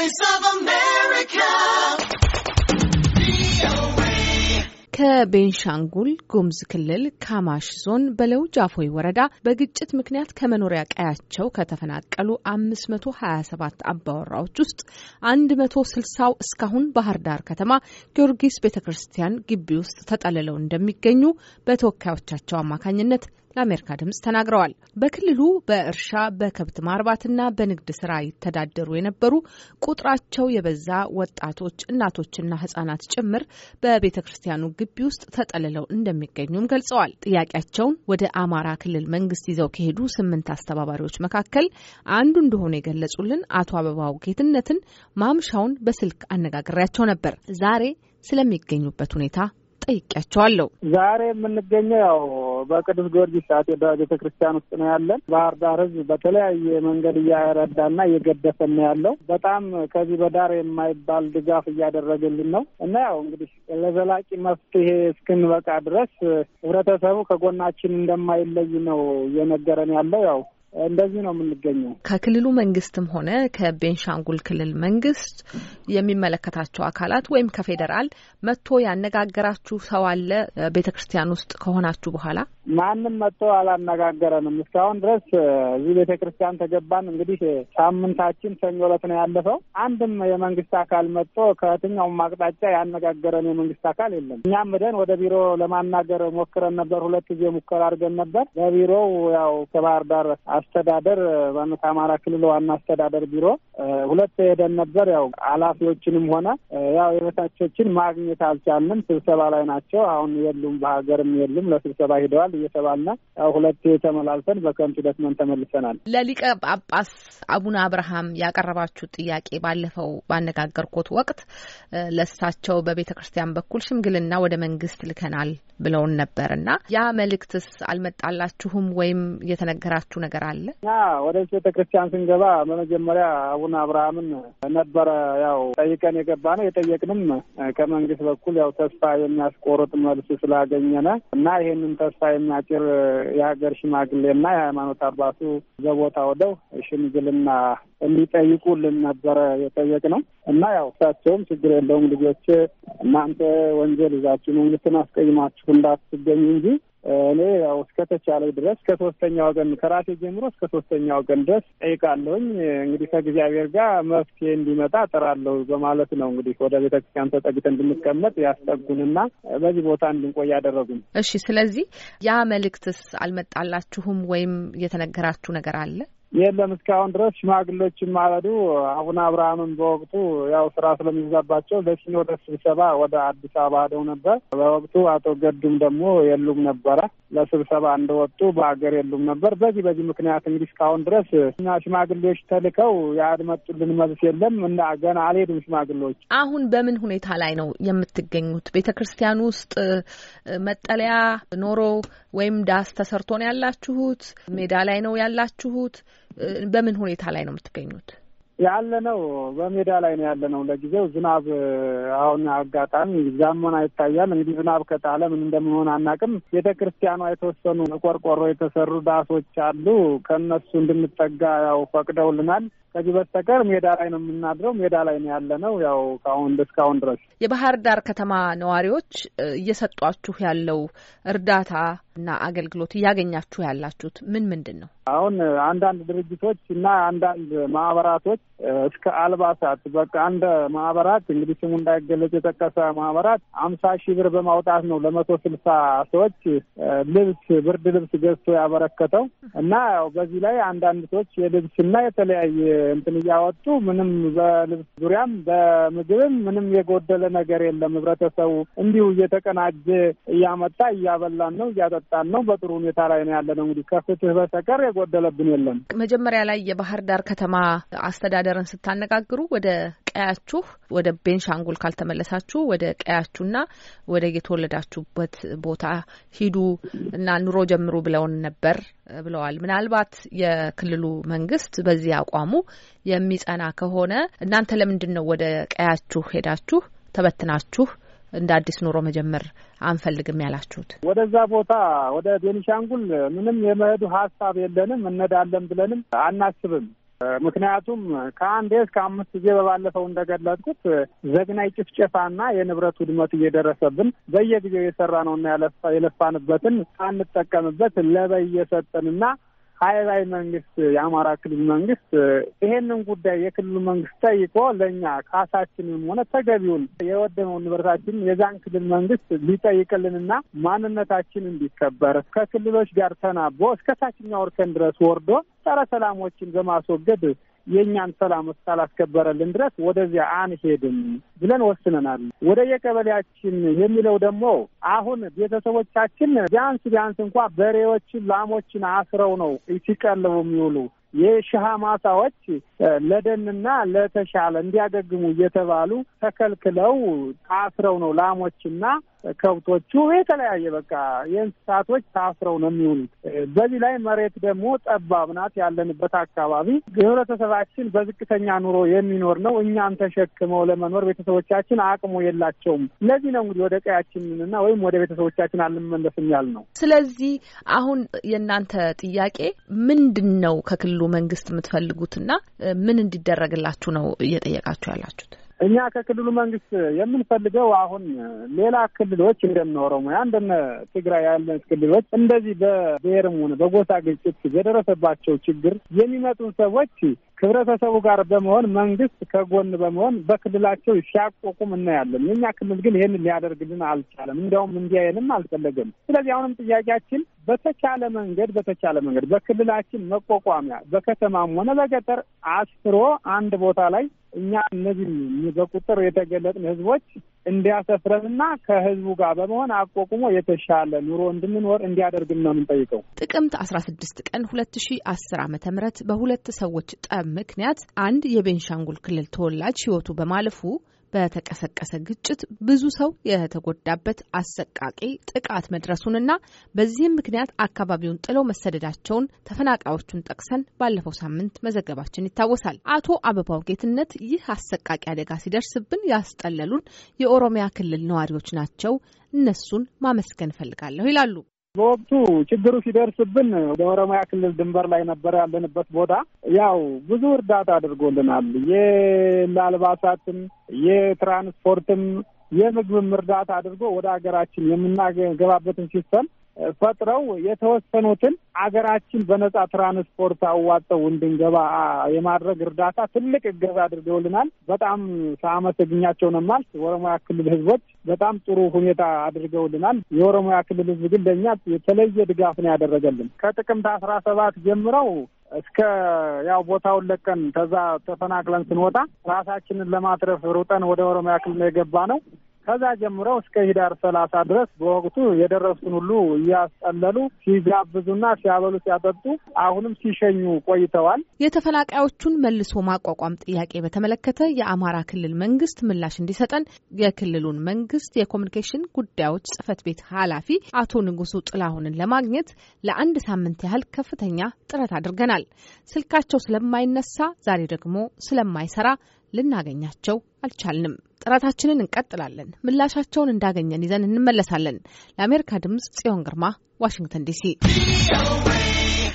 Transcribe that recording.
Voice of America. ከቤንሻንጉል ጉሙዝ ክልል ካማሽ ዞን በለው ጃፎይ ወረዳ በግጭት ምክንያት ከመኖሪያ ቀያቸው ከተፈናቀሉ 527 አባወራዎች ውስጥ 160ው እስካሁን ባህር ዳር ከተማ ጊዮርጊስ ቤተ ክርስቲያን ግቢ ውስጥ ተጠልለው እንደሚገኙ በተወካዮቻቸው አማካኝነት ለአሜሪካ ድምጽ ተናግረዋል። በክልሉ በእርሻ በከብት ማርባትና በንግድ ስራ ይተዳደሩ የነበሩ ቁጥራቸው የበዛ ወጣቶች እናቶችና ህጻናት ጭምር በቤተ ክርስቲያኑ ግቢ ውስጥ ተጠልለው እንደሚገኙም ገልጸዋል። ጥያቄያቸውን ወደ አማራ ክልል መንግስት ይዘው ከሄዱ ስምንት አስተባባሪዎች መካከል አንዱ እንደሆኑ የገለጹልን አቶ አበባው ጌትነትን ማምሻውን በስልክ አነጋግሬያቸው ነበር። ዛሬ ስለሚገኙበት ሁኔታ ጠይቄያቸዋለሁ። ዛሬ የምንገኘው ያው በቅዱስ ጊዮርጊስ ሰዓት ቤተ ክርስቲያን ውስጥ ነው ያለን። ባህር ዳር ህዝብ በተለያየ መንገድ እያረዳና እየገደሰ ነው ያለው። በጣም ከዚህ በዳር የማይባል ድጋፍ እያደረገልን ነው እና ያው እንግዲህ ለዘላቂ መፍትሄ እስክንበቃ ድረስ ህብረተሰቡ ከጎናችን እንደማይለይ ነው እየነገረን ያለው ያው እንደዚህ ነው የምንገኘው። ከክልሉ መንግስትም ሆነ ከቤንሻንጉል ክልል መንግስት የሚመለከታቸው አካላት ወይም ከፌዴራል መጥቶ ያነጋገራችሁ ሰው አለ? ቤተ ክርስቲያን ውስጥ ከሆናችሁ በኋላ ማንም መጥቶ አላነጋገረንም እስካሁን ድረስ። እዚህ ቤተ ክርስቲያን ተገባን እንግዲህ ሳምንታችን ሰኞ ዕለት ነው ያለፈው። አንድም የመንግስት አካል መጥቶ ከየትኛውም አቅጣጫ ያነጋገረን የመንግስት አካል የለም። እኛም ደን ወደ ቢሮ ለማናገር ሞክረን ነበር። ሁለት ጊዜ ሙከራ አድርገን ነበር። በቢሮው ያው ከባህር ዳር አስተዳደር ማነ አማራ ክልል ዋና አስተዳደር ቢሮ ሁለት ሄደን ነበር። ያው ኃላፊዎችንም ሆነ ያው የበታቾችን ማግኘት አልቻልንም። ስብሰባ ላይ ናቸው። አሁን የሉም፣ በሀገርም የሉም። ለስብሰባ ሂደዋል እየተባልና ያው ሁለት ተመላልሰን በከንቱ ደክመን ተመልሰናል። ለሊቀ ጳጳስ አቡነ አብርሃም ያቀረባችሁ ጥያቄ ባለፈው ባነጋገርኩት ወቅት ለሳቸው በቤተ ክርስቲያን በኩል ሽምግልና ወደ መንግስት ልከናል ብለውን ነበር እና ያ መልእክትስ አልመጣላችሁም ወይም የተነገራችሁ ነገር አለ? ያ ወደ ቤተ ክርስቲያን ስንገባ በመጀመሪያ አቡነ አብርሃምን ነበረ ያው ጠይቀን የገባ ነው። የጠየቅንም ከመንግስት በኩል ያው ተስፋ የሚያስቆርጥ መልስ ስላገኘነ እና ይህንን ተስፋ የሚያጭር የሀገር ሽማግሌና የሃይማኖት አባቱ ዘቦታ ወደው ሽምግልና እንዲጠይቁልን ነበረ የጠየቅ ነው። እና ያው እሳቸውም ችግር የለውም ልጆች እናንተ ወንጀል ይዛችሁ መንግስትን አስቀይማችሁ እንዳትገኙ እንጂ እኔ ያው ተቻለ ድረስ ከሶስተኛ ወገን ከራሴ ጀምሮ እስከ ሶስተኛ ወገን ድረስ ጠይቃለሁኝ። እንግዲህ ከእግዚአብሔር ጋር መፍትሄ እንዲመጣ ጥራለሁ በማለት ነው እንግዲህ ወደ ቤተክርስቲያን ተጠግተን እንድንቀመጥ ያስጠጉንና በዚህ ቦታ እንድንቆይ ያደረጉን። እሺ፣ ስለዚህ ያ መልእክትስ አልመጣላችሁም ወይም የተነገራችሁ ነገር አለ? የለም እስካሁን ድረስ ሽማግሌዎችም ማለዱ አቡነ አብርሃምን በወቅቱ ያው ስራ ስለሚዛባቸው ለሲኖዶስ ስብሰባ ወደ አዲስ አበባ ሄደው ነበር። በወቅቱ አቶ ገዱም ደግሞ የሉም ነበረ። ለስብሰባ እንደወጡ በሀገር የሉም ነበር። በዚህ በዚህ ምክንያት እንግዲህ እስካሁን ድረስ እና ሽማግሌዎች ተልከው ያመጡልን መልስ የለም እና ገና አልሄዱም ሽማግሌዎች። አሁን በምን ሁኔታ ላይ ነው የምትገኙት? ቤተ ክርስቲያን ውስጥ መጠለያ ኖሮ ወይም ዳስ ተሰርቶ ነው ያላችሁት? ሜዳ ላይ ነው ያላችሁት? በምን ሁኔታ ላይ ነው የምትገኙት? ያለ ነው በሜዳ ላይ ነው ያለ ነው። ለጊዜው ዝናብ አሁን አጋጣሚ ዛመና ይታያል። እንግዲህ ዝናብ ከጣለ ምን እንደምንሆን አናቅም። ቤተ ክርስቲያኗ የተወሰኑ ቆርቆሮ የተሰሩ ዳሶች አሉ። ከእነሱ እንድንጠጋ ያው ፈቅደውልናል። ከዚህ በስተቀር ሜዳ ላይ ነው የምናድረው። ሜዳ ላይ ነው ያለ ነው ያው ከአሁን እስካሁን ድረስ የባህር ዳር ከተማ ነዋሪዎች እየሰጧችሁ ያለው እርዳታ እና አገልግሎት እያገኛችሁ ያላችሁት ምን ምንድን ነው? አሁን አንዳንድ ድርጅቶች እና አንዳንድ ማህበራቶች እስከ አልባሳት በቃ አንድ ማህበራት እንግዲህ ስሙ እንዳይገለጽ የጠቀሰ ማህበራት አምሳ ሺህ ብር በማውጣት ነው ለመቶ ስልሳ ሰዎች ልብስ ብርድ ልብስ ገዝቶ ያበረከተው እና ያው በዚህ ላይ አንዳንድ ሰዎች የልብስና የተለያየ እንትን እያወጡ ምንም በልብስ ዙሪያም በምግብም ምንም የጎደለ ነገር የለም። ህብረተሰቡ እንዲሁ እየተቀናጀ እያመጣ እያበላን ነው እያጠጣን ነው። በጥሩ ሁኔታ ላይ ነው ያለ ነው። እንግዲህ ከፍትህ በስተቀር የጎደለብን የለም። መጀመሪያ ላይ የባህር ዳር ከተማ አስተዳደርን ስታነጋግሩ ወደ ቀያችሁ ወደ ቤንሻንጉል ካልተመለሳችሁ ወደ ቀያችሁና ወደ የተወለዳችሁበት ቦታ ሂዱ እና ኑሮ ጀምሩ ብለውን ነበር ብለዋል። ምናልባት የክልሉ መንግስት በዚህ አቋሙ የሚጸና ከሆነ እናንተ ለምንድን ነው ወደ ቀያችሁ ሄዳችሁ ተበትናችሁ እንደ አዲስ ኑሮ መጀመር አንፈልግም ያላችሁት? ወደዛ ቦታ ወደ ቤኒሻንጉል ምንም የመሄዱ ሀሳብ የለንም፣ እንሄዳለን ብለንም አናስብም። ምክንያቱም ከአንድ እስከ አምስት ጊዜ በባለፈው እንደገለጥኩት ዘግናይ ጭፍጨፋና የንብረት ውድመት እየደረሰብን በየጊዜው የሰራ ነውና የለፋንበትን ሳንጠቀምበት ለበየሰጠንና ሀይላዊ መንግስት የአማራ ክልል መንግስት ይሄንን ጉዳይ የክልሉ መንግስት ጠይቆ ለእኛ ካሳችንም ሆነ ተገቢውን የወደመውን ንብረታችን የዛን ክልል መንግስት ሊጠይቅልንና ማንነታችን እንዲከበር ከክልሎች ጋር ተናቦ እስከ ታችኛው እርከን ድረስ ወርዶ ጸረ ሰላሞችን በማስወገድ የእኛን ሰላም እስካላስከበረልን ድረስ ወደዚያ አንሄድም ብለን ወስነናል። ወደ የቀበሌያችን የሚለው ደግሞ አሁን ቤተሰቦቻችን ቢያንስ ቢያንስ እንኳ በሬዎችን፣ ላሞችን አስረው ነው ሲቀልቡ የሚውሉ የሽሃ ማሳዎች ለደንና ለተሻለ እንዲያገግሙ እየተባሉ ተከልክለው ታስረው ነው ላሞችና ከብቶቹ የተለያየ በቃ የእንስሳቶች ታስረው ነው የሚውሉት። በዚህ ላይ መሬት ደግሞ ጠባብ ናት። ያለንበት አካባቢ ህብረተሰባችን በዝቅተኛ ኑሮ የሚኖር ነው። እኛን ተሸክመው ለመኖር ቤተሰቦቻችን አቅሙ የላቸውም። ለዚህ ነው እንግዲህ ወደ ቀያችንና ወይም ወደ ቤተሰቦቻችን አልመለስም ያል ነው። ስለዚህ አሁን የእናንተ ጥያቄ ምንድን ነው? ከክልሉ እንዲያውቃሉ መንግስት የምትፈልጉትና ምን እንዲደረግላችሁ ነው እየጠየቃችሁ ያላችሁት? እኛ ከክልሉ መንግስት የምንፈልገው አሁን ሌላ ክልሎች እንደነ ኦሮሚያ እንደነ ትግራይ ያለን ክልሎች እንደዚህ በብሔርም ሆነ በጎሳ ግጭት የደረሰባቸው ችግር የሚመጡ ሰዎች ህብረተሰቡ ጋር በመሆን መንግስት ከጎን በመሆን በክልላቸው ሲያቆቁም እናያለን። የኛ ክልል ግን ይህን ሊያደርግልን አልቻለም። እንዲያውም እንዲያየንም አልፈለገም። ስለዚህ አሁንም ጥያቄያችን በተቻለ መንገድ በተቻለ መንገድ በክልላችን መቋቋሚያ በከተማም ሆነ በገጠር አስፍሮ አንድ ቦታ ላይ እኛ እነዚህ በቁጥር የተገለጥን ህዝቦች እንዲያሰፍረንና ከህዝቡ ጋር በመሆን አቋቁሞ የተሻለ ኑሮ እንድንኖር እንዲያደርግን ነው የምንጠይቀው። ጥቅምት አስራ ስድስት ቀን ሁለት ሺ አስር አመተ ምህረት በሁለት ሰዎች ጠብ ምክንያት አንድ የቤንሻንጉል ክልል ተወላጅ ህይወቱ በማለፉ በተቀሰቀሰ ግጭት ብዙ ሰው የተጎዳበት አሰቃቂ ጥቃት መድረሱንና በዚህም ምክንያት አካባቢውን ጥለው መሰደዳቸውን ተፈናቃዮቹን ጠቅሰን ባለፈው ሳምንት መዘገባችን ይታወሳል። አቶ አበባው ጌትነት ይህ አሰቃቂ አደጋ ሲደርስብን ያስጠለሉን የኦሮሚያ ክልል ነዋሪዎች ናቸው፣ እነሱን ማመስገን እፈልጋለሁ ይላሉ። በወቅቱ ችግሩ ሲደርስብን ኦሮሚያ ክልል ድንበር ላይ ነበረ ያለንበት ቦታ። ያው ብዙ እርዳታ አድርጎልናል። የአልባሳትም፣ የትራንስፖርትም፣ የምግብም እርዳታ አድርጎ ወደ ሀገራችን የምናገባበትን ሲስተም ፈጥረው የተወሰኑትን አገራችን በነጻ ትራንስፖርት አዋጠው እንድንገባ የማድረግ እርዳታ ትልቅ እገዛ አድርገውልናል። በጣም ሳመሰግኛቸው ነው የማልስ። የኦሮሚያ ክልል ህዝቦች በጣም ጥሩ ሁኔታ አድርገውልናል። የኦሮሚያ ክልል ህዝብ ግን ለእኛ የተለየ ድጋፍ ነው ያደረገልን ከጥቅምት አስራ ሰባት ጀምረው እስከ ያው ቦታውን ለቀን ከዛ ተፈናቅለን ስንወጣ ራሳችንን ለማትረፍ ሩጠን ወደ ኦሮሚያ ክልል የገባ ነው። ከዛ ጀምረው እስከ ህዳር ሰላሳ ድረስ በወቅቱ የደረሱን ሁሉ እያስጠለሉ ሲጋብዙና ሲያበሉ ሲያጠጡ አሁንም ሲሸኙ ቆይተዋል። የተፈናቃዮቹን መልሶ ማቋቋም ጥያቄ በተመለከተ የአማራ ክልል መንግስት ምላሽ እንዲሰጠን የክልሉን መንግስት የኮሚኒኬሽን ጉዳዮች ጽህፈት ቤት ኃላፊ አቶ ንጉሱ ጥላሁንን ለማግኘት ለአንድ ሳምንት ያህል ከፍተኛ ጥረት አድርገናል። ስልካቸው ስለማይነሳ ዛሬ ደግሞ ስለማይሰራ ልናገኛቸው አልቻልንም። ጥረታችንን እንቀጥላለን። ምላሻቸውን እንዳገኘን ይዘን እንመለሳለን። ለአሜሪካ ድምጽ ጽዮን ግርማ ዋሽንግተን ዲሲ